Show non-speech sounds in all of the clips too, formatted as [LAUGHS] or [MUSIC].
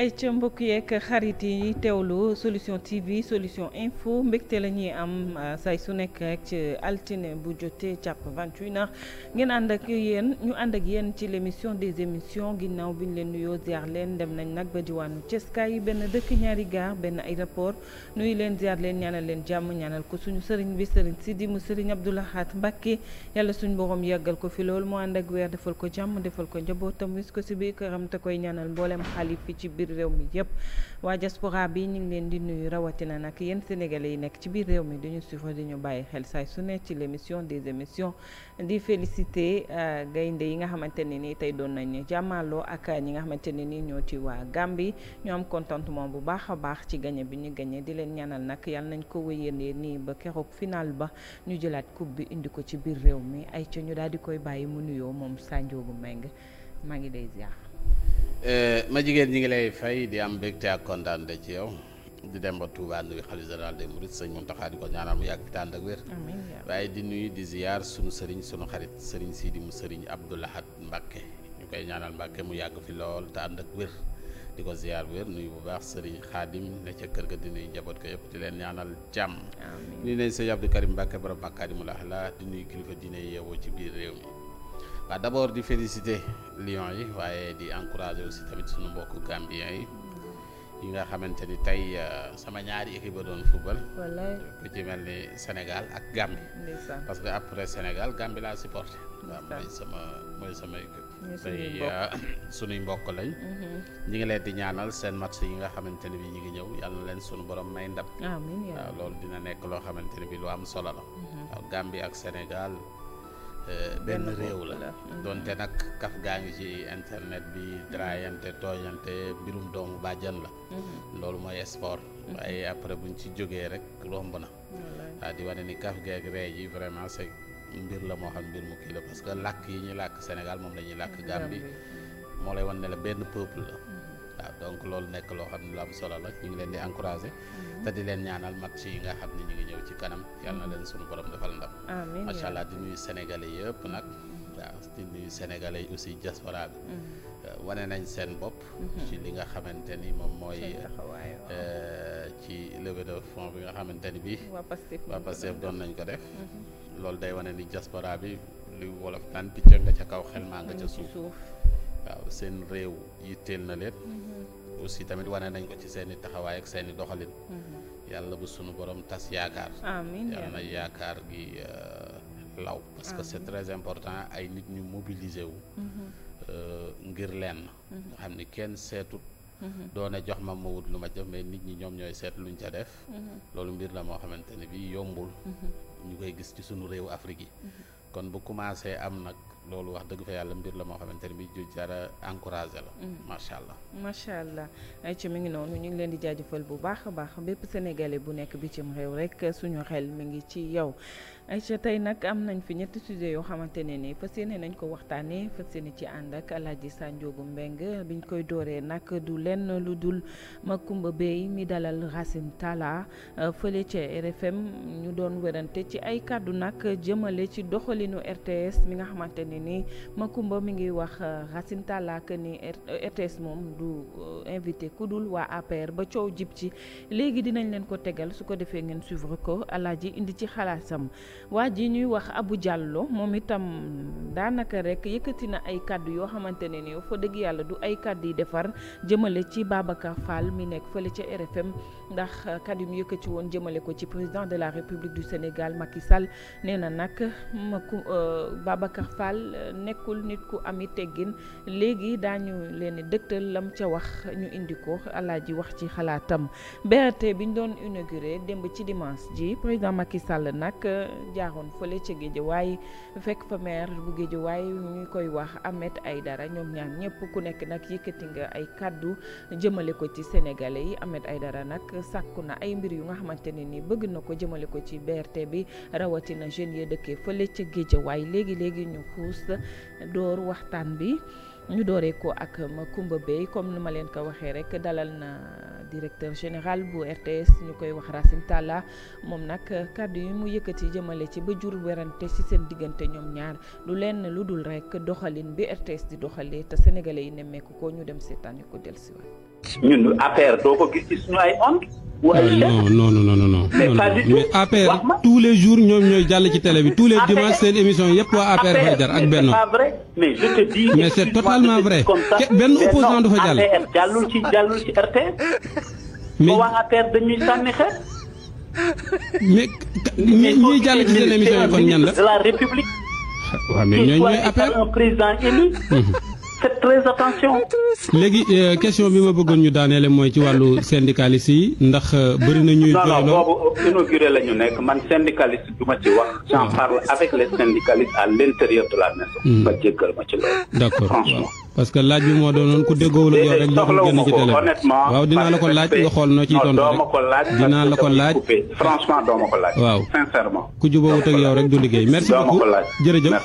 ay ca mbokk yeeg xarit yi teewlu solution TV solution info mbégte la ñuy am ah, say su nekk rek ci altine bu jotee càpp 28 ndax ngeen ànd ak yéen ñu ànd ak yéen ci l' émission des émissions ginnaaw bi ñu leen nuyoo ziar leen dem nañ nag ba diwaanu Ceskaay yi benn dëkk ñaari gaar benn aéroport nuyu leen ziar leen ñaanal leen jàmm ñanal ko suñu sëriñ bi sëriñ Sidi mu sëriñ Abdou Lahad Mbacké yàlla suñ borom yàggal ko fi loolu mu ànd ak weer defal ko jàmm defal ko njabootam wis si réew mi yëpp waa diaspora bi ñu ngi leen di nuyu rawatina nag yéen sénégalais yi nekk ci biir réew mi dañu suivre di ñu bàyyi xel saay su ne ci l' émission des émissions di félicité euh, gaynde yi nga xamante ne nii tey doon nañu jàmmaloo ak ñi nga xamante ni nii ñoo ci waa gàmbi ñoo am contentement bu baax a baax ci gañe bi ñu gañe di leen ñanal nag yàlla nañ ko wéyandee nii ba keroog finaal ba ñu jëlaat coupe bi indi ko ci biir réew mi ay ca ñu daal di koy bàyyi mu nuyoo moom Sanjoogu Meng maa ngi lay ziar. Eh, ma jigéen ñi ngi lay fay di am mbégte ak kontaan de ci yow di dem ba Touba nuyu xalif général des mourides sëñ Mountakha di ko ñaanal mu yàgg fi tànd ak wér waaye di nuyu di ziyaar sunu sëriñ sunu xarit sëriñ Sidi mu sëriñ Abdou Lahad Mbacke koy ñaanal Mbacke mu yàgg fi lool te ak wér di ko ziyaar wér nuyu bu baax sëriñ xaadim ne ca kër ga di nuyu njaboot ko yëpp di leen ñaanal jàmm nuyu nañ sëñ Abdou Karim Mbacke borom Mbacke di mu lax la di nuyu kilifa dina yeewoo ci biir réew mi waaw d'abord di félicité Lions yi waaye di encourager aussi tamit suñu mbokk Gambien yi nga xamante ni tey euh, sama ñaari équipe a doon football. ku ci mel ni Sénégal ak Gambie. parce que après Sénégal Gambie laa supporté. mooy sama sunuy euh, [COUGHS] mbokk lañ. Mm-hmm. ñu ngi leen di ñaanal seen match yi nga xamante ne bi ñu ngi ñëw yal na leen sunu borom may ndam. amiin waaw loolu dina nekk loo xamante ne bi lu am solo la. Mm-hmm. waaw Gambie ak Sénégal. Euh, benn réew la mm-hmm. donte nag kaf gaa ngi ci internet bi draayante tooñante mbirum doomu bàjjan la mm-hmm. loolu mooy sport mm-hmm. waaye après buñ ci jógee rek romb na waaw di wane ni kaf geeg ree yi vraiment c'est mbir la moo xam mbir mu kii la parce que làkk yi ñuy làkk Sénégal moom la ñuy làkk Gambie moo lay wan ne la benn peuple la waaw donc loolu nekk loo xam ne lu am solo la ñu ngi leen di encourager mhm. te di leen ñaanal match yi nga xam ne ñu ngi ñëw ci kanam yàlla na leen suñu borom defal ndam macha allah di nuyu sénégalais yëpp nag mhm. waaw di nuyu sénégalais yi aussi diaspora bi mhm. euh, wane nañ seen bopp ci li nga xamante ni moom mooy euh, ci levée de bi nga xamante ni bi waa Pastef doon nañ ko def loolu day wane ni diaspora bi li wolof naan picc nga ca kaw xel maa nga ca mm, suuf waaw seen réew yi yitteel na lépp aussi tamit wane nañ ko ci seeni i taxawaay ak seeni doxalin. Mhm. yàlla bu sunu borom tas yaakaar. amiin yàlla yaakaar gi euh, law. parce que c'est très important ay nit ñu mobiliser wu. Mhm. Euh, ngir lenn. Mhm. nga xam ni kenn seetut. doone jox ma ma lu ma jëf mais nit ñi ñoom ñooy seet luñ ca def. loolu mbir la moo xamante ne bii yombul. ñu koy gis ci sunu réew Afrique yi. kon bu commencé am nag. loolu wax dëgg fa yàlla mbir la moo xamante ne bi ju jara encouragé la mm-hmm. macha allah macha allah ay ci mi ngi noonu ñu ngi leen di jaajëfal bu baax a baax bépp sénégalais bu nekk bitim réew rek suñu xel mi ngi ci yow ay Aïcha tey nag am nañ fi ñetti sujet yoo xamante ne ni fas yéene nañ ko waxtaanee fas yéene ci ànd ak Alaaji Sanjoogu bi ñu koy dooree nag du lenn lu dul ma Makumba Bey mi dalal rasin Talla euh, fële ca RFM ñu doon werante ci ay kàddu nag jëmale ci doxalinu RTS mi nga xamante ne ma Makumba mi ngi wax euh, Racine Talla que ni RTS euh, moom du invité ku dul waa APR ba coow jib ci léegi dinañ leen ko tegal su ko defee ngeen suivre ko ji indi ci xalaatam waa ji ñuy wax abu Diallo moom itam daanaka rek yëkkati na ay kàddu yoo xamante ne ni fa dëgg yàlla du ay kàdd yi defar jëmale ci Babacar Fall mi nekk fële ca RFM ndax kàddu yi yëkkati woon jëmale ko ci président de la République du Sénégal Macky Sall nee na nag maku euh, Babacar Fall euh, nekkul nit ku am ami teggin léegi daañu leen dëgtal lam ca wax ñu indi ko ji wax ci xalaatam BRT bi ñu doon inauguré démb ci dimanche ji président Macky Sall jaaroon fële ca Guédiawaye fekk fa maire bu Guédiawaye ñu koy wax amet ay dara ñoom ñaar ñëpp ku nekk nag yëkkati nga ay kàddu jëmale ko ci sénégalais yi ay dara nag sàkku na ay mbir yu nga xamante ne ni bëgg na ko jëmale ko ci BRT bi rawatina jeunes yi dëkkee fële ca Guédiawaye léegi léegi ñu xuus door waxtaan bi. ñu dooree ko ak Macoumba Beye comme ni ma leen ko waxee rek dalal na directeur général bu RTS ñu koy wax Racine moom nag kàddu yi mu yëkkati jëmale ci ba jur werante ci seen diggante ñoom ñaar lu lenn lu dul rek doxalin bi RTS di doxalee te sénégalais yi nemmeeku ko ñu dem seetaan ñu ko dellusiwaat. ñun APR doo ko gis ci suñu ay ondes. wala non non non mais pas tous les jours ñoom ñooy jàll ci télé bi tous les dimanches seen émission yëpp waa APR fay jar ak benn. mais je te dis. mais c'est totalement vrai benn opposant dafa jàll. APR mais mais ñuy jàll ci seen émission yi kon ñan la. de la république. waaw mais ñooy ñooy APR président faites très attention. léegi euh, question bi ma bëggoon ñu daaneele mooy ci wàllu syndicaliste yi ndax euh, bëri na ñuy. non non boobu la ñu nekk man syndicaliste du ma ci wax. j'en ah. parle avec les syndicalistes à l'intérieur de la hmm. ma ci loolu. d'accord parce que laaj bi moo doonoon ku déggoowul ak yow rek ñoo ko génn ci waaw dinaa la ko laaj nga xool noo ciy tontu rek dinaa la ko laaj franchement doo ma ko laaj waaw ku jubawut ak yow rek du liggéey merci beaucoup jërëjëf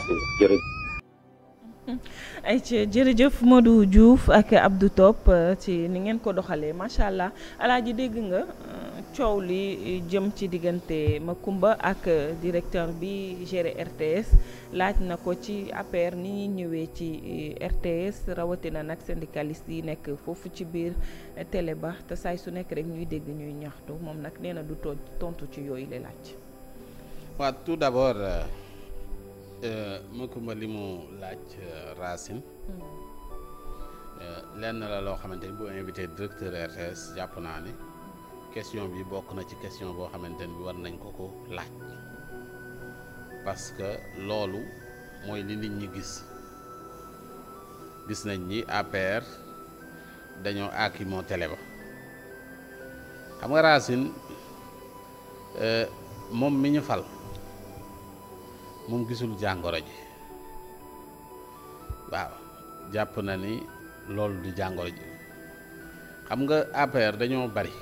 ay ci jërëjëf Modou Diouf ak Abdou Top euh, ci ni ngeen ko doxalee macha allah alaaji dégg nga euh, coow li jëm ci diggante Makumba ak euh, directeur bi géré RTS laaj na ko ci APR ni ñëwee ci RTS rawatina nag syndicaliste yi nekk foofu ci biir tele ba te saay su nekk rek ñuy dégg ñuy ñaxtu moom nag nee na du tontu ci yooyu la laaj. Euh, Macoumba li mu laaj euh, Racine. Euh, lenn la loo xamante ni bu invité directeur RTS jàpp naa ne question bi bokk na ci question boo xamante ni bi war nañ ko ko laaj parce que loolu mooy li nit ñi gis gis nañ ni APR dañoo aakimoo télé ba xam nga Racine moom mi ñu fal. moom gisul jàngoro ji waaw jàpp na ni loolu di jàngoro ji xam nga APR dañoo bari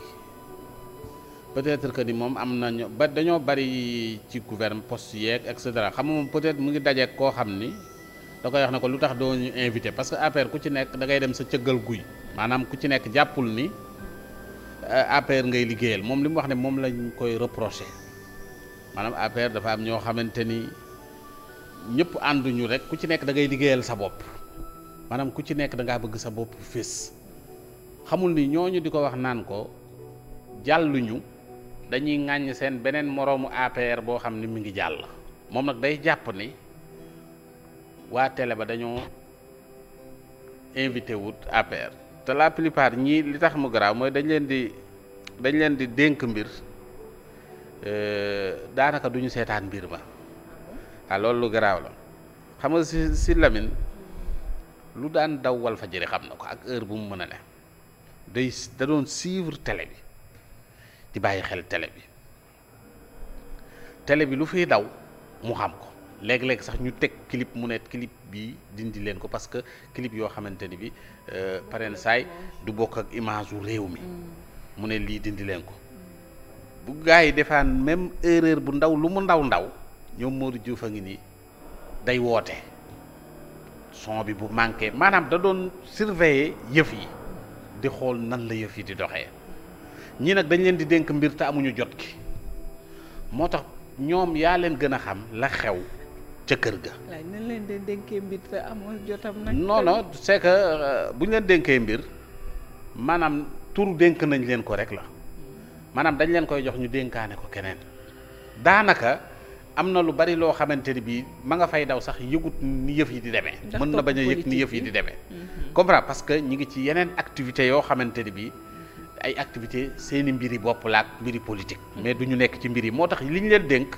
peut-être que ni moom am nañu ba dañoo bari ci gouvernement poste yeeg et cetera xam nga moom peut mu ngi dajeeg koo xam ni da koy wax ne ko lu tax doo ñu invité parce que APR ku ci nekk dangay dem sa cëggal guy maanaam ku ci nekk jàppul ni euh, APR ngay liggéeyal moom li mu wax ne moom lañ koy reproché maanaam APR dafa am ñoo xamante ni. ñëpp ànduñu rek ku ci nekk da ngay liggéeyal sa bopp maanaam ku ci nekk da ngaa bëgg sa bopp fés xamul ni ñooñu di ko wax naan ko jàlluñu dañuy ŋàññ seen beneen moroomu APR boo xam ni mu ngi jàll moom nag day jàpp ni waa télé ba dañoo invité wut APR te la plupart ñii li tax mu garaaw mooy dañ leen di dañ leen di dénk mbir euh, daanaka duñu seetaan mbir ma ah loolu lu garaaw la xam nga si si Lamine lu daan daw wal fa jëri xam na ko ak heure bu mu mën a ne day da doon suivre télé bi di bàyyi xel tele bi tele bi lu fi daw mu xam ko léeg-léeg sax ñu teg clip mu ne clip bi dindi leen ko parce que clip yoo xamante ni bi euh, paren saay du bokk ak image wu réew mi mm. mu ne lii dindi leen ko bu gars yi defaan même erreur bu ndaw lu mu ndaw ndaw ñoom Modou Diouf a ngi nii day woote son bi bu manqué maanaam da doon surveiller yëf yi di xool nan la yëf yi di doxee ñii nag dañ leen di dénk mbir te amuñu jot gi moo tax ñoom yaa leen gën a xam la xew ca kër ga. waaw nan leen jotam nag. non non c'est euh, bu ñu leen denkee mbir maanaam tur dénk nañ leen ko rek la maanaam dañ leen koy jox ñu dénkaane ko keneen daanaka. am na lu bari loo xamante ni bii ma nga fay daw sax yëgut ni yëf yi di demee mën na bañ a yëg ni yëf yi di demee mhm. comprendre parce que ñi ngi ci yeneen activité yoo xamante ni bii ay activité seeni mbiri bopp laak mbiri politique mhm. mais du ñu nekk ci mbir yi moo tax li ñu leen dénk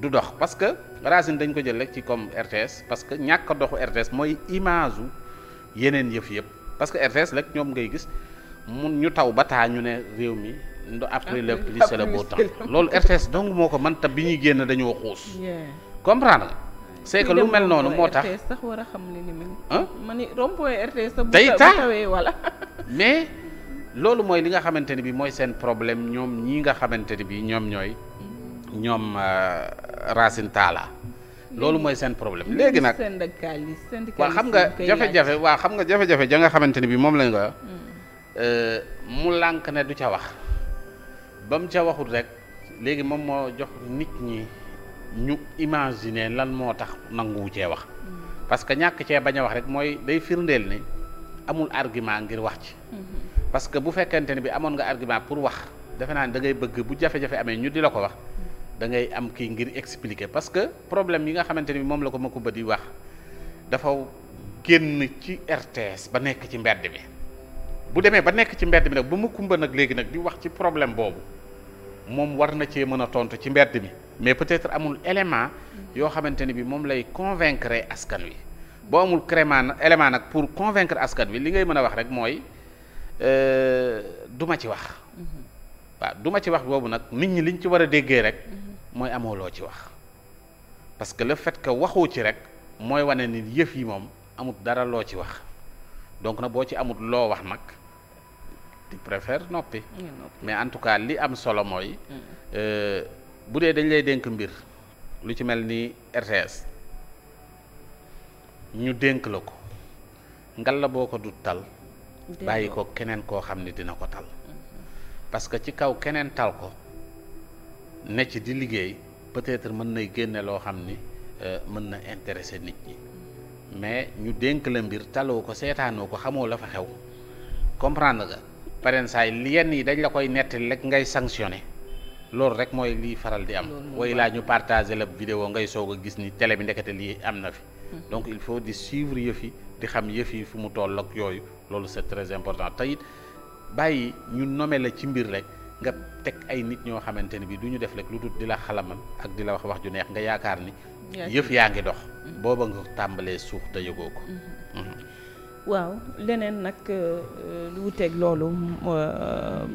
du dox parce que Racine dañ ko jël rek ci comme RTS parce que ñàkk doxu RTS mooy image u yeneen yëf yëpp parce que RTS rek ñoom ngay gis mun ñu taw ba taa ñu ne réew mi ndo après ah, le pluie c'est le beau loolu RTS donc moo ko man ta bi ñuy génn dañoo xuus comprendre nga c'est que lu mel noonu moo tax sax war a xam ne ni ma ni rond-point RTS sax day wala [LAUGHS] mais loolu mooy li nga xamante ne bi mooy seen problème ñoom ñii nga xamante ne bi ñoom ñooy ñoom euh, Racine Talla loolu mooy seen problème léegi nag waa xam nga jafe-jafe waa xam nga jafe-jafe ja nga xamante ne bi moom lañ nga Euh, mu lànk ne du ca wax ba mu ca waxul rek léegi moom moo jox nit ñi ñu imaginer lan moo tax nanguwu cee wax mm-hmm. parce que ñàkk cee bañ a wax rek mooy day firndeel ni amul argument ngir wax ci mm-hmm. parce que bu fekkente ne bi amoon nga argument pour wax defe naa ne dangay bëgg bu jafe-jafe amee ñu di la ko wax mm-hmm. da ngay am kii ngir expliquer parce que problème yi nga xamante ni moom la ko ma Macoumba di wax dafa génn ci RTS ba nekk ci mbedd bi bu demee ba nekk ci mbedd mi nag ba mu kumba nag léegi nag di wax ci problème boobu moom war na cee mën a tontu ci mbedd mi mais peut-être amul élément yoo xamante ni bi moom lay convaincre askan wi boo amul crément élément nag pour convaincre askan wi li ngay mën a wax rek mooy euh, duma ci wax waaw duma ci wax boobu nag nit ñi liñ ci war a déggee rek mooy amoo loo ci wax parce que le fait que waxoo ci rek mooy wane ni yëf yi moom amut dara loo ci wax donc nag boo ci amut loo wax nag tu préfères noppi mais en tout cas li am solo mooy mm. euh, bu dee dañ lay dénk mbir lu ci mel ni RTS ñu dénk la ko ngal la boo ko du tal bàyyi ko keneen koo xam ni dina ko tal mm-hmm. parce que ci kaw keneen tal ko ne ci di liggéey peut-être mën nay génne loo xam ni euh, mën na intéresser nit ñi mm-hmm. mais ñu dénk la mbir taloo ko seetaanoo ko xamoo la fa xew comprendre ga pareen saay li yenn yi dañ la koy nettali rek ngay sanctionné loolu rek mooy liy faral di am way laa ñu partagé la vidéo ngay soog a gis ni télé bi ndekete lii am na fi hmm. donc il faut di suivre yëf yi di xam yëf yi fu mu toll ak yooyu loolu c'est très important te bàyyi ñu nome la ci mbir rek nga teg ay nit ñoo xamante ni bi duñu def rek lu dul di la xalamal ak di la wax wax ju neex nga yaakaar ni yëf yaa ngi dox hmm. booba nga tàmbalee suux te yëgoo ko hmm. waaw leneen nag euh, lu wuteeg loolu euh,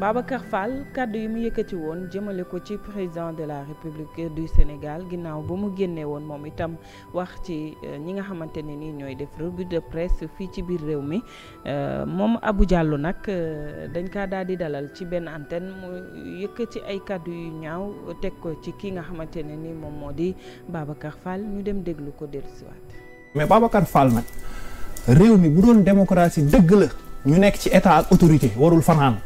Babacar Fall kàddu yi mu yëkkati woon jëmale ko ci président de la République du Sénégal ginnaaw ba mu génnee woon moom itam wax ci euh, ñi nga xamante ne nii ñooy def revue de presse fii ci biir réew mi moom abu jàll nag dañ kaa daal di dalal ci benn antenne mu yëkkati ay kàddu yu ñaaw teg ko ci ki nga xamante ne ni moom moo di Babacar Fall ñu dem déglu ko dellusiwaat. mais Babacar Fall nag. réew mi bu doon démocratie dëgg la ñu nekk ci état ak autorité warul fanaan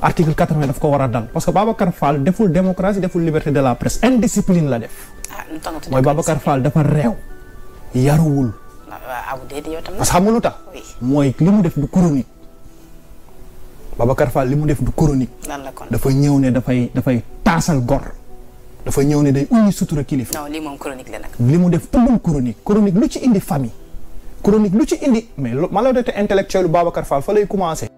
article quatre daf ko war a dal parce que Babacar Fall deful démocratie deful liberté de la presse indiscipline la def. Ah, mooy Babacar Fall dafa réew yaruwul. Ah, ah, parce que xam lu tax. mooy li mu def du chronique. Babacar li mu def du chronique. dafa ñëw ne dafay taasal gor. dafa ñëw ne day uñi sutura kilifa. non lii moom chronique la nag. li mu def tuddum chronique chronique lu ci indi famille. chronique lu ci indi mais malhonnêteté intellectuelle Babacar Fall fa lay commencé.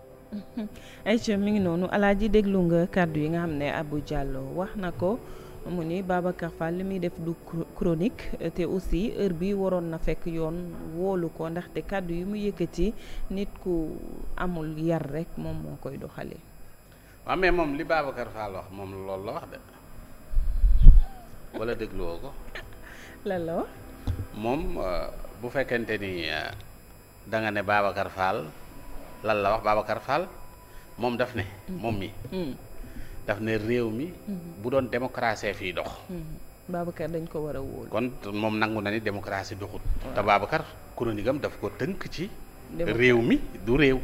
[LAUGHS] ayca mi ngi noonu alaaji déglu nga kàddu yi nga xam ne Abou Diallo wax na ko mu ni Babacar Fall li muy def du chronique te aussi heure bi waroon na fekk yoon wóolu ko ndaxte kàddu yi mu yëkkati nit ku amul yar rek moom moo koy doxalee. waaw mais moom li Babacar wax moom loolu la wax de wala dégluwoo ko. [LAUGHS] lan la wax. moom euh, bu fekkente ni euh, da ne Babacar Fall lan la wax Babacar Fall moom daf ne. Mm-hmm. moom mi mm-hmm. daf ne réew mi. Mm-hmm. bu doon démocratie fii dox. Babacar dañ ko war a wóolu. kon moom nangu na ni démocratie doxut. te Babacar chronique am daf ko tënk ci. réew mi du réew.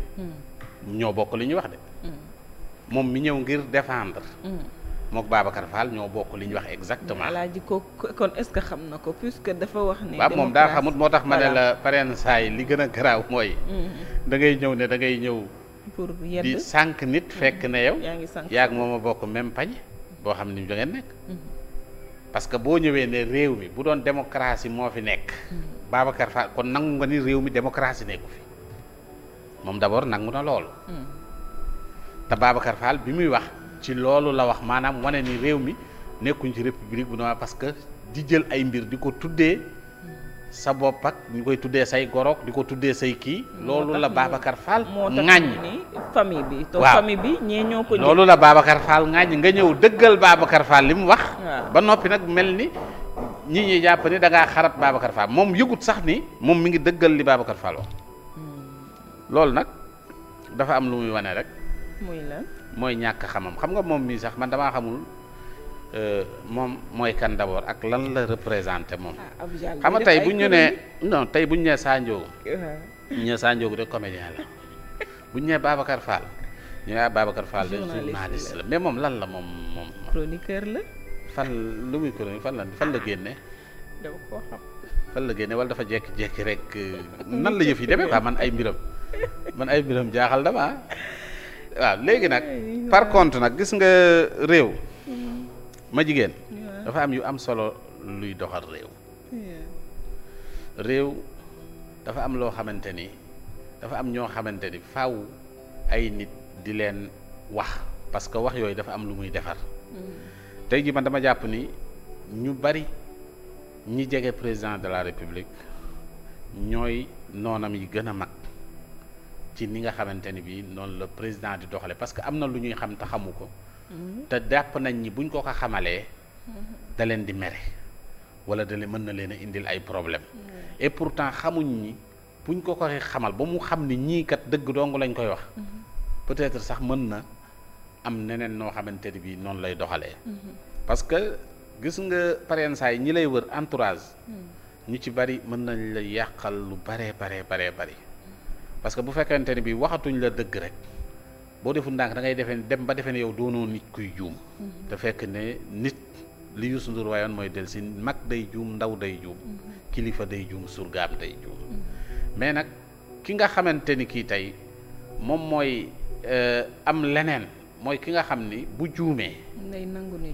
ñoo bokk li ñuy wax de. moom mi ñëw ngir défendre. mook Babacar Fall ñoo bokk li ñu wax exactement. voilà jikko que xam na ko puisque dafa moom daa xamut moo tax ma ne la saa li gën a garaaw mooy. Mm-hmm. da ngay ñëw ne da ngay ñëw. pour yedd di sànq nit mm-hmm. fekk na yow. yaa ngi sànq yaa ngi moom a bokk même pañ boo xam ni da ngeen mm-hmm. parce que boo ñëwee ne réew mi bu doon démocratie moo fi nekk. Babacar Fall kon nangu nga ni réew mi démocratie nekku fi moom d'abord nangu na loolu. bi muy wax. ci loolu la wax maanaam wane ni réew mi nekkuñ ci république bu na parce que di jël ay mbir di ko tuddee sa bopp ak ñu koy tuddee say goroog di ko tuddee say kii. loolu la Babacar Fall. ŋaññi famille bi. waaw famille bi ñee ñoo ko. loolu la Babacar Fall ŋaññi nga ñëw dëggal Babacar Fall li mu wax. ba noppi nag mel ni ñi ñuy jàpp ni da ngaa xarab Babacar Fall moom yëgut sax ni moom mi ngi dëggal li Babacar Fall wax hmm. loolu nag dafa am lu muy wane rek. mooy ñàkk xamam xam nga moom mii sax man damaa xamul euh, moom mooy kan d'abord ak lan la représenté moom. Ah, xam nga tey bu ñu nee non tey bu ñu nee Sa bu [LAUGHS] ñu nee Sa Ndiogou de comédien la bu ñu nee Babacar Fall ñu ne ah, Babacar Fall de journaliste la mais moom lan la moom moom. chroniqueur la. fan lu muy chronique fan la fan la génne. dama fan la génne wala dafa jékki-jékki rek euh, nan la yëf yi demee quoi man ay mbiram man ay mbiram jaaxal dama waaw léegi nag par contre nag gis nga réew mm-hmm. ma jigéen dafa am yu am solo luy doxal réew réew dafa am loo xamante ni dafa am ñoo xamante ni faw ay nit di leen wax parce que wax yooyu dafa am lu muy defar mm-hmm. tey jii man dama jàpp ni ñu bari ñi jege président de la république ñooy noonam yi gën a mag ci ni nga xamante ni bii noonu la président di doxale parce que am na lu ñuy xam te xamu ko mm-hmm. te jàpp nañ ñi buñ ko ko xamalee mm-hmm. da leen di mere wala da mën na leen a indil ay problème mm-hmm. et pourtant xamuñ ñi buñ ko ko xamal ba mu xam ni ñii kat dëgg dong lañ koy wax peut-être sax mën na am neneen noo xamante ni bii noonu lay doxalee parce que gis nga yi ñi lay wër entourage ñu ci bari mën nañ lay yàqal lu bare bare bare bari parce que bu fekkente ne bi waxatuñu la dëgg rek boo deful ndànk da ngay defee dem ba defee ne yow doonoo nit kuy juum mhm. te fekk ne nit li Youssou Ndour mooy del mag day juum ndaw day juum mhm. kilifa day juum surgaam day juum mhm. mais nag ki nga xamante ni kii tey moom mooy euh, am leneen mooy ki nga xam ni bu juumee ngay nangu ne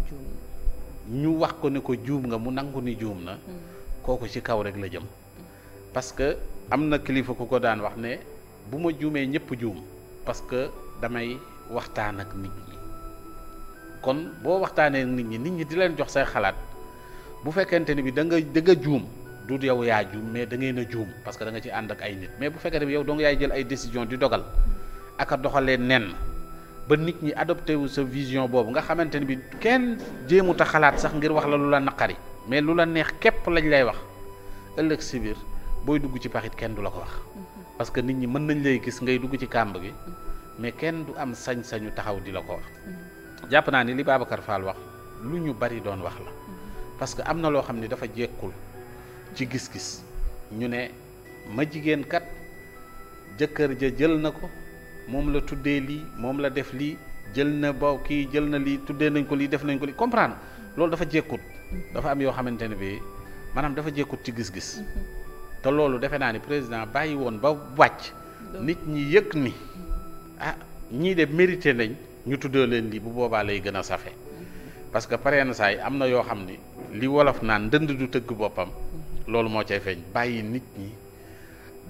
ñu wax ko ne ko juum nga mu nangu ni juum na kooku ci kaw rek la jëm parce que am na kilifa ku ko daan wax ne bu ma juumee ñëpp juum parce que damay waxtaan ak nit ñi kon boo waxtaanee nit ñi nit ñi di leen jox say xalaat bu fekkente ni bi da nga da nga juum du yow yaa juum mais da ngay na juum parce que da nga ci ànd ak ay nit mais bu fekkente bi yow dong yaay jël ay décision di dogal ak a doxalee nen ba nit ñi adopté wu sa vision boobu nga xamante ni bi kenn jéemut a xalaat sax ngir wax la lu la naqari mais lu la neex képp lañ lay wax ëllëg si booy dugg ci paxit kenn du la ko wax parce que nit ñi mën nañ lay gis ngay dugg ci kàmb gi mais kenn du am sañ-sañu taxaw di la ko wax jàpp naa ni li Babacar Fall wax lu ñu bari doon wax la parce que am na loo xam ni dafa jekkul ci gis-gis ñu ne ma jigéen kat jëkkër ja jël na ko moom la tuddee lii moom la def lii jël na baw kii jël na lii tuddee nañ ko lii def nañ ko lii comprendre loolu dafa jekkut dafa am yoo xamante ne bi maanaam dafa jekkut ci gis-gis te loolu defe naa ni président bàyyi woon ba wàcc nit ñi yëkk ni ah ñii de mérité nañ ñu tuddee leen lii bu boobaa lay gën a safe parce que pareen saa yi am na yoo xam ni li wolof naa ndënd du tëgg boppam loolu moo cay feeñ bàyyi nit ñi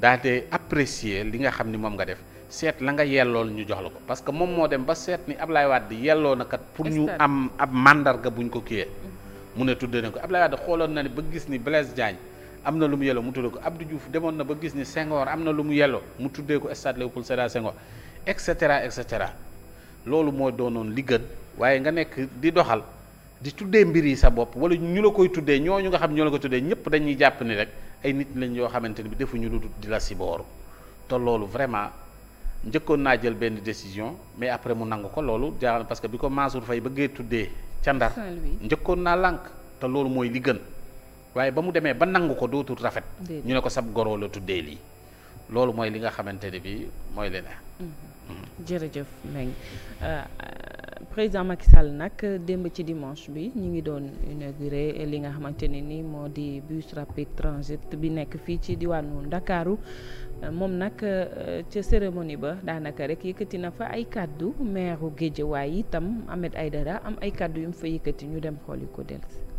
daate apprécier li nga xam ni moom nga def seet la nga yellool ñu jox la ko parce que moom moo dem ba seet ni Ablaye Wade yelloo na kat pour ñu am ab mandarga buñ ko kiyee mu ne tuddee ne ko Ablaye Wade xooloon na ni ba gis ni Blaise Diagne am na lu mu yelloo mu tuddee ko Abdou Diouf demoon na ba gis ni Senghor am na lu mu yelloo mu tuddee ko stade Léopold Sédar Senghor et cetera et cetera loolu moo doonoon li gën waaye nga nekk di doxal di tuddee mbir yi sa bopp wala ñu la koy tuddee ñoo ñu nga xam ñoo la koy tuddee ñëpp dañuy jàpp ni rek ay nit lañ yoo xamante ni bi defuñu lu dul di la si te loolu vraiment njëkkoon naa jël benn décision mais après mu nangu ko loolu jaaxal parce que bi ko Mansour Faye bëggee tuddee ca Ndar njëkkoon naa lànk te loolu mooy li gën waaye ba mu demee ba nangu ko dootul rafet. ñu ne ko sab goroo la tuddee lii loolu mooy li nga xamante ne bii mooy li ne. Mhm. Mhm. jërëjëf Mbengue euh, président Macky Sall nag démb ci dimanche bi ñu ngi doon inauguré li nga xamante ne ni moo di bus rapide transit bi nekk fii ci diwaanu Ndakaaru moom nag euh, ca cérémonie ba daanaka rek yëkkati na fa ay kàddu maire Guédiawaye itam ay Aïdara am ay kàddu yu mu fa yëkkati ñu dem xool yu ko dellusi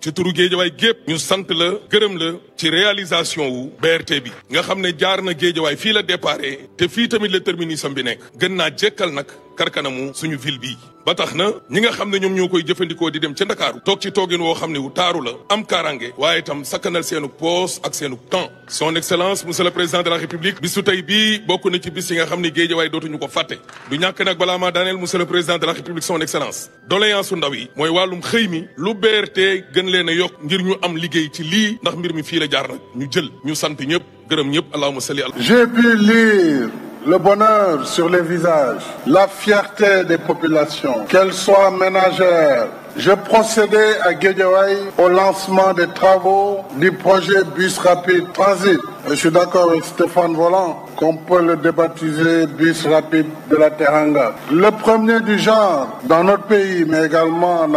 ci turu géejawaay gépp ñu sant la gërëm la ci réalisation wu BRT bi nga xam ne jaar na géejawaay fii la déparé te fii tamit la terminus am bi nekk gën naa jekkal nag karkanamu suñu ville bii ba tax na ñi nga xam ne ñoom ñoo koy jëfandikoo di dem ci ndakaaru toog ci toogin woo xam ne wu taaru la am kaarange waaye itam sakkanal seenu poos ak seenu temps son excellence monsieur le président de la république bisu tey bii bokk na ci bis yi nga xam ne géejawaay dootuñu ko fàtte du ñàkk nag balaa maa daaneel monsieur le président de la république son excellence doléance su ndaw yi mooy wàllum xëy mi lu beertee gën leen a yokk ngir ñu am liggéey ci lii ndax mbir mi fii la jaar nag ñu jël ñu sant ñëpp gërëm ñëpp allahuma salli j'ai pu le bonheur sur les visages, la fierté des populations, qu'elles soient ménagères, Je procédais à Guédiawaï lancement des travaux du projet bus rapide transit. Je suis d'accord avec Stéphane Volant qu'on le débaptiser bus rapide de la Teranga. Le premier du genre dans notre pays, mais également en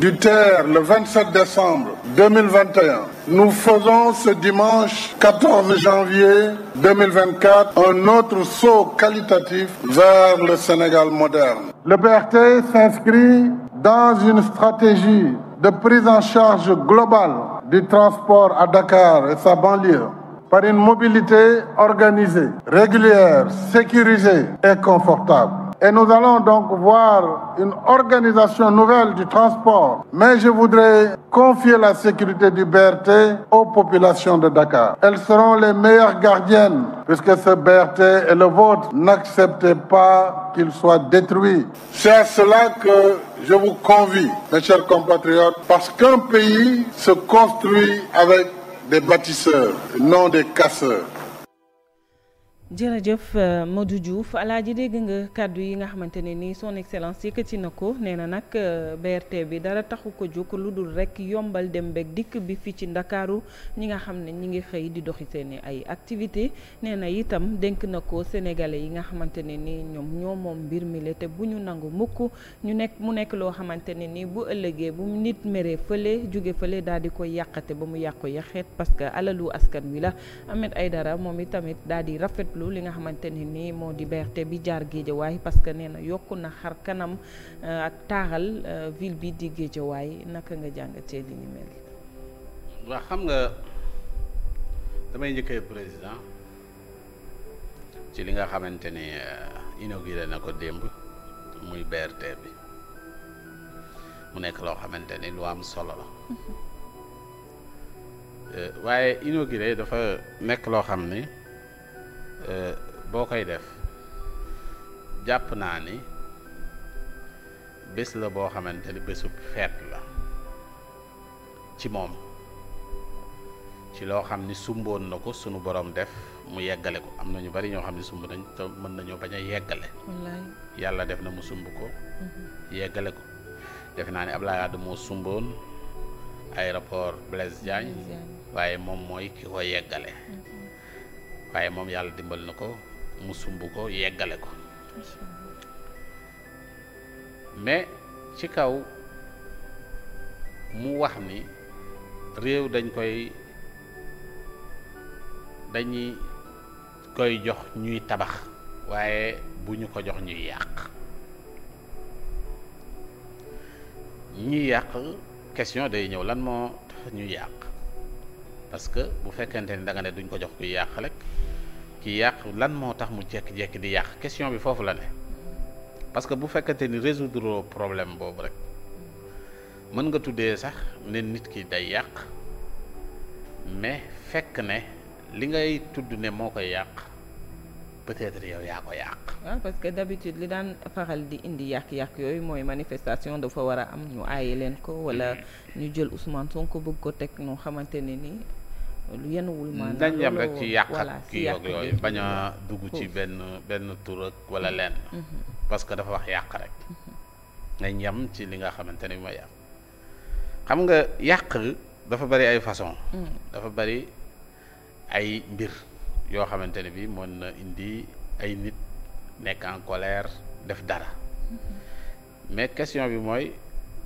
du TER le 27 décembre 2021, nous faisons ce dimanche 14 janvier 2024 un autre saut qualitatif le Sénégal moderne. Le PRT s'inscrit dans une stratégie de prise en charge globale du transport à Dakar et sa banlieue par une mobilité organisée, régulière, sécurisée et confortable. et nous allons donc voir une organisation nouvelle du transport. Mais je voudrais confier la sécurité du BRT aux populations de Dakar. Elles seront les meilleures gardiennes puisque ce BRT est le vôtre. N'acceptez pas qu'il soit détruit. C'est à cela que je vous convie, mes chers compatriotes, parce qu'un pays se construit avec des bâtisseurs, non des casseurs. jërëjëf euh, Modou Diouf alaaji dégg nga kàddu yi nga xamante ne nii son excellence yëkkati na ko nee na nag euh, BRT bi dara taxu ko jóg lu dul rek yombal dem beeg dikk bi fii ci ndakaaru ñi nga xam ne ñi ngi xëy di doxi seeni ay activité nee na itam dénk na ko sénégalais yi nga xamante ne nii ñoom ñoo moom mbir mi la te bu ñu nangu mukk ñu nekk mu nekk loo xamante ne nii bu ëllëgee bu nit meree fële jóge fële daal di koy yàqate ba mu yàqu yaxeet parce que alalu askan wi la Ahmed Aïdara moom itamit daal di rafetlu rafetlu li nga xamante ni nii moo di BRT bi jaar Géejawaay parce que nee na yokku na xar kanam euh, ak taaral euh, ville bi di Géejawaay naka nga jàngatee li ni mel. waaw xam nga damay njëkkee président ci li nga xamante ni euh, inauguré na ko démb muy BRT bi mu nekk loo xamante ni lu am solo la. Mm-hmm. waaye inauguré dafa nekk loo xam ni. Eh, boo koy def jàpp naa ni bés la boo xamante ni bésu feet la ci moom ci loo xam ni sumboon na ko sunu boroom def mu yeggale ko am na ñu bari ñoo xam ne sumb nañ te mën nañoo bañ a yeggale. yàlla def na mu sumb ko. Mm-hmm. yeggale ko defe naa ne Abdoulaye Wade moo sumboon aéroport Blaise Diagne waaye moom mooy ki ko yeggale. Mm-hmm. waaye moom yàlla dimbal na ko mu sumb ko yeggale ko mais ci kaw mu wax ni réew dañ koy dañuy koy jox ñuy tabax waaye bu ñu ko jox ñuy yàq ñuy yàq question day ñëw lan moo tax ñuy yàq parce que bu fekkente ni da nga ne duñ ko jox kuy yàq rek ki yàq lan moo tax mu jékki-jékki di yàq question bi foofu la ne parce que bu fekkante ni résoudre problème boobu rek mën nga tuddee sax ne nit ki day yàq mais fekk ne li ngay tudd ne moo koy yàq peut-être yow yaa ko yàq. waaw parce que d'habitude li daan faral di indi yàq-yàq yooyu mooy manifestation dafa war a am ñu aaye leen ko walla mm-hmm. ñu jël Ousmane Sonko bëgg ko teg noo xamante ne nii. lu yenuwul maanaam rek ci yàq ak kii yoog yooyu bañ a dugg ci benn benn tur wala mm-hmm. lenn mm-hmm. parce que dafa wax yàq rek nañ mm-hmm. yem ci li nga xamante ne bi mooy yàq xam nga yàq dafa bari ay façon dafa bari ay mbir yoo xamante ne bi mën na indi ay nit nekk en colère def dara mais question bi mooy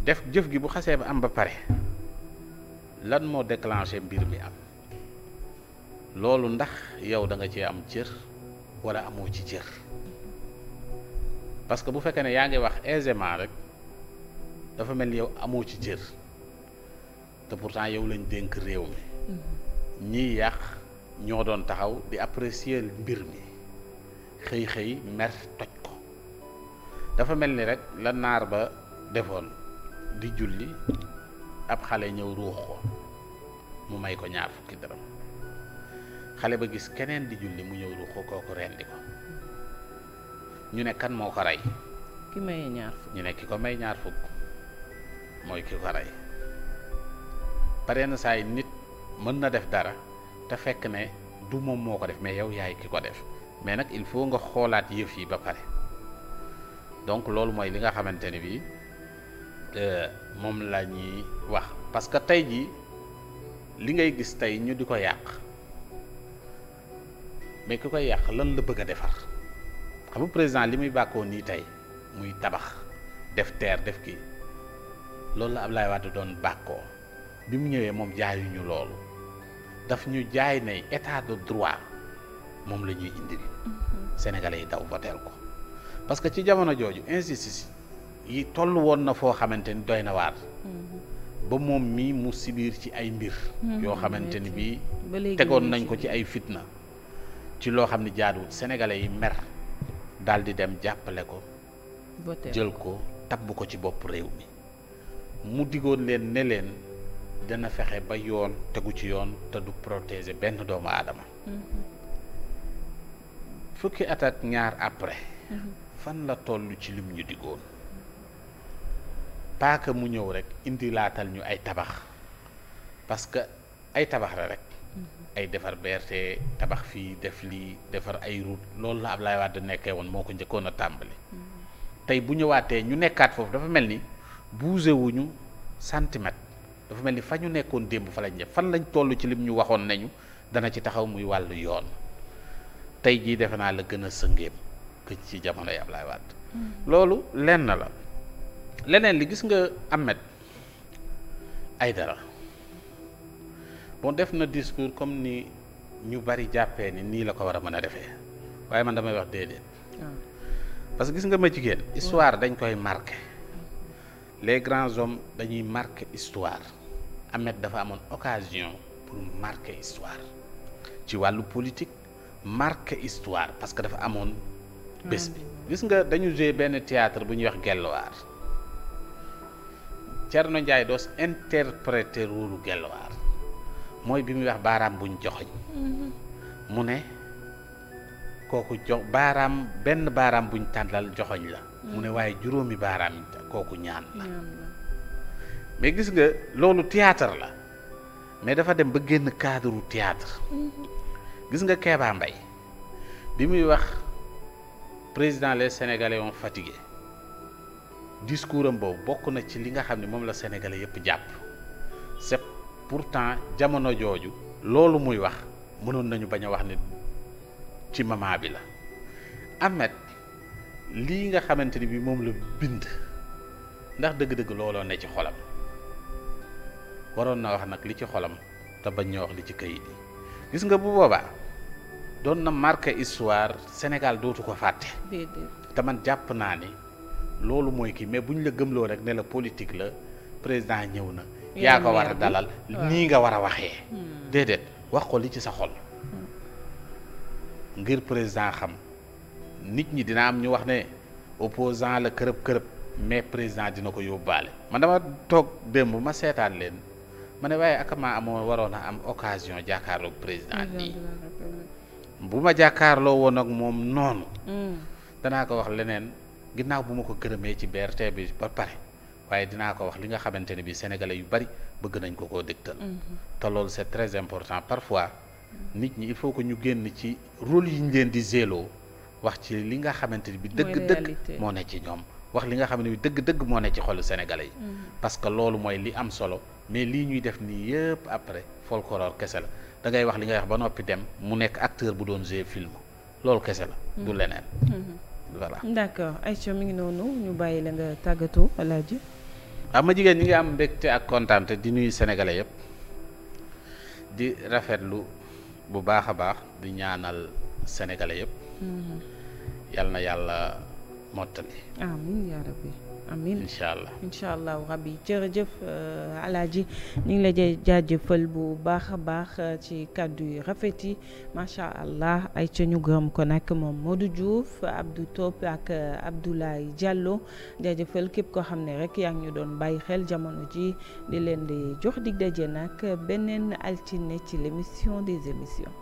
def jëf gi bu xasee ba am ba pare lan moo déclenché mbir mi am loolu ndax yow da nga cee am cër wala amoo ci cër parce que bu fekkee ne yaa ngi wax aisément rek dafa mel ni yow amoo ci cër te pourtant yow lañ dénk réew mi mm-hmm. ñiy yàq ñoo doon taxaw di apprécier mbir mi xëy xëy mer toj ko dafa mel ni rek la naar ba defoon di julli ab xale ñëw ruux ko mu may ko ñaar fukki dërëm xale ba gis keneen di julli mu ñëw ruuxu kooku rendi ko ñu ne kan moo ko rey ki maye ñaar fukk ñu ne ki ko may ñaar fukk mooy ki ko rey pare na saa yi nit mën na def dara te fekk ne du moom moo ko def mais yow yaay ki ko def mais nag il faut nga xoolaat yëf yi ba pare donc loolu mooy li nga xamante ne bii euh, moom la ñuy wax parce que tey jii li ngay gis tey ñu di ko yàq mais ku koy yàq lan la bëgg a defar xam président li muy bàkkoo nii tey muy tabax def terre def kii loolu la Ablaye Wade doon bàkkoo bi mu ñëwee moom jaayuñu loolu daf ñu jaay ne état de droit moom la ñuy indil mm-hmm. sénégalais yi daw voteel ko parce que ci jamono jooju injustice yi toll woon na foo xamante ni doy na waat mm-hmm. ba moom mii mu sibiir ci ay mbir mm-hmm. yoo xamante ni bii tegoon nañ ko ci ay fitna ci loo xam ne jaaduwut sénégalais yi mer daal di dem jàppale ko jël ko tabb ko ci bopp réew mi mu digoon leen ne leen dana fexe ba yoon tegu ci yoon te du protéger benn doomu aadama mm-hmm. fukki at ak ñaar après mm-hmm. fan la toll ci lim ñu digoon paaka mu ñëw rek indi laatal ñu ay tabax parce que ay tabax la rek ay defar BRT tabax fii def lii defar ay route loolu la ab Ablaye Wade nekkee woon moo ko njëkkoon a tàmbali tey bu ñëwaatee ñu nekkaat foofu dafa mel ni bougé wuñu centimètre dafa mel ni fa ñu nekkoon démb fa lañ jëm fan lañ toll ci lim ñu waxoon nañu dana ci taxaw muy wàll yoon tey jii defe naa la gën a sëngéem këñ ci jamono yi lay Wade mm. loolu lenn la leneen li gis nga Ahmed Aidara bon def na discours comme ni ñu bari jàppee ni nii la ko war a mën a defee waaye man damay wax déedéet. Ah. parce que gis nga ma jigéen. histoire dañ koy marqué. les grands hommes dañuy marqué histoire Ahmed dafa amoon occasion pour marquer histoire ci wàllu politique marqué histoire parce que dafa amoon. bés bi ah. gis nga dañu joué benn théâtre bu ñuy wax Gelwaar Thierno Ndiaye doos interpréter rôle lu Gelwaar. mooy bi muy wax baaraam buñ joxoñ mu ne kooku jox baaraam benn baaraam buñ tàndal joxoñ la mu ne waaye juróomi baaraam kooku ñaan la mais gis nga loolu théâtre la mais dafa dem ba génn cadre u théâtre gis nga Kéba mbay bi muy wax président les sénégalais ont fatigué discours boobu bokk na ci li nga xam ne moom la sénégalais yëpp jàpp pourtant jamono jooju loolu muy wax mënoon nañu bañ a wax ni ci maman bi la Ahmed lii nga xamante ni bi moom la bind ndax dëgg-dëgg looloo ne ci xolam waroon na wax nag li ci xolam te bañ ñoo wax li ci kayit yi gis nga bu boobaa doon na marqué histoire Sénégal dootu ko fàtte te man jàpp naa ni loolu mooy kii mais bu ñu la gëmloo rek ne la politique la président ñëw na yaa ko war a dalal nii nga war a waxee hmm. déedéet wax ko li ci sa xol hmm. ngir président xam nit ñi dina am ñu wax ne opposant la kërëb kërëb mais président dina ko yóbbaale man dama toog démb ma seetaan leen ma ne waaye ak maa amoon waroon a am occasion jàkkaarloog président nii bu ma jàkkaarloo woon ak moom noonu hmm. danaa ko wax leneen ginnaaw bu ma ko gërëmee ci BRT bi ba pare waaye dinaa ko wax li nga xamante ne bi sénégalais yu bari bëgg nañ ko koo dégtal mhm. te loolu c'est très important parfois nit ñi il faut que ñu génn ci rôle yi ñu leen di zéloo wax ci li nga xamante ni bi dëgg-dëgg moo ne ci ñoom wax li nga xam ne bi dëgg-dëgg moo ne ci xolu sénégalais yi mhm. parce que loolu mooy li am solo mais lii ñuy def nii yëpp après folklore kese la da ngay wax li ngay wax ba noppi dem mu nekk acteur bu doon jouer film loolu kese la du mhm. leneen voilà d'accord Aïcha mi ngi noonu ñu bàyyi la am ma jigéen ñi ngi am mbégte ak kontaan di nuyu sénégalais yëpp di rafetlu bu baax a baax di ñaanal sénégalais yëpp. Mm-hmm. yal na yàlla mottali. amin incha allah incha allah rabbi jërëjëf euh, alaaji ñu ngi la jaajëfal bu baax a baax euh, ci kàddu yu rafet yi macha allah ay ca ñu gërëm ko nag moom moo du Diouf Abdou Top ak euh, Abdoulaye jàlloo jaajëfal képp koo xam ne rek yaa ngi ñu doon bàyyi xel jamono ji di leen di jox dig daje nag beneen altine ci l'émission des émissions.